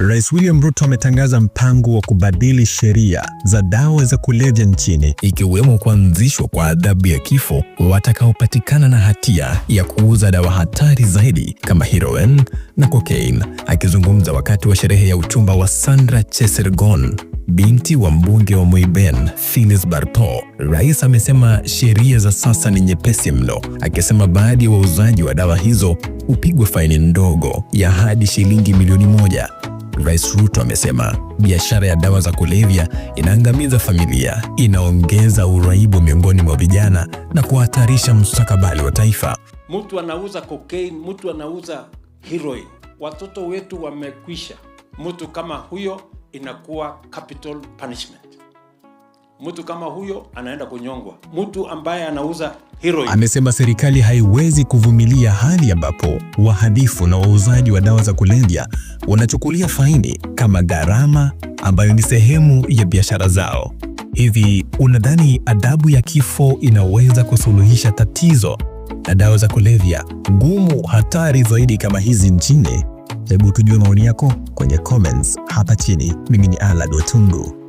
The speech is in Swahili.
Rais William Ruto ametangaza mpango wa kubadili sheria za dawa za kulevya nchini, ikiwemo kuanzishwa kwa adhabu ya kifo watakaopatikana na hatia ya kuuza dawa hatari zaidi kama heroin na cocaine. Akizungumza wakati wa sherehe ya uchumba wa Sandra Chesergon binti wa mbunge wa Muiben Phyllis Barto, rais amesema sheria za sasa ni nyepesi mno, akisema baadhi ya wauzaji wa dawa hizo hupigwa faini ndogo ya hadi shilingi milioni moja Rais Ruto amesema biashara ya dawa za kulevya inaangamiza familia, inaongeza uraibu miongoni mwa vijana na kuhatarisha mustakabali wa taifa. Mtu anauza cocaine, mtu anauza heroin, watoto wetu wamekwisha. Mtu kama huyo inakuwa capital punishment mtu kama huyo anaenda kunyongwa, mtu ambaye anauza heroin. Amesema serikali haiwezi kuvumilia hali ambapo wahalifu na wauzaji wa dawa za kulevya wanachukulia faini kama gharama ambayo ni sehemu ya biashara zao. Hivi unadhani adhabu ya kifo inaweza kusuluhisha tatizo la dawa za kulevya ngumu, hatari zaidi kama hizi nchini? Hebu tujue maoni yako kwenye comments hapa chini. Mimi ni Alad Watungu.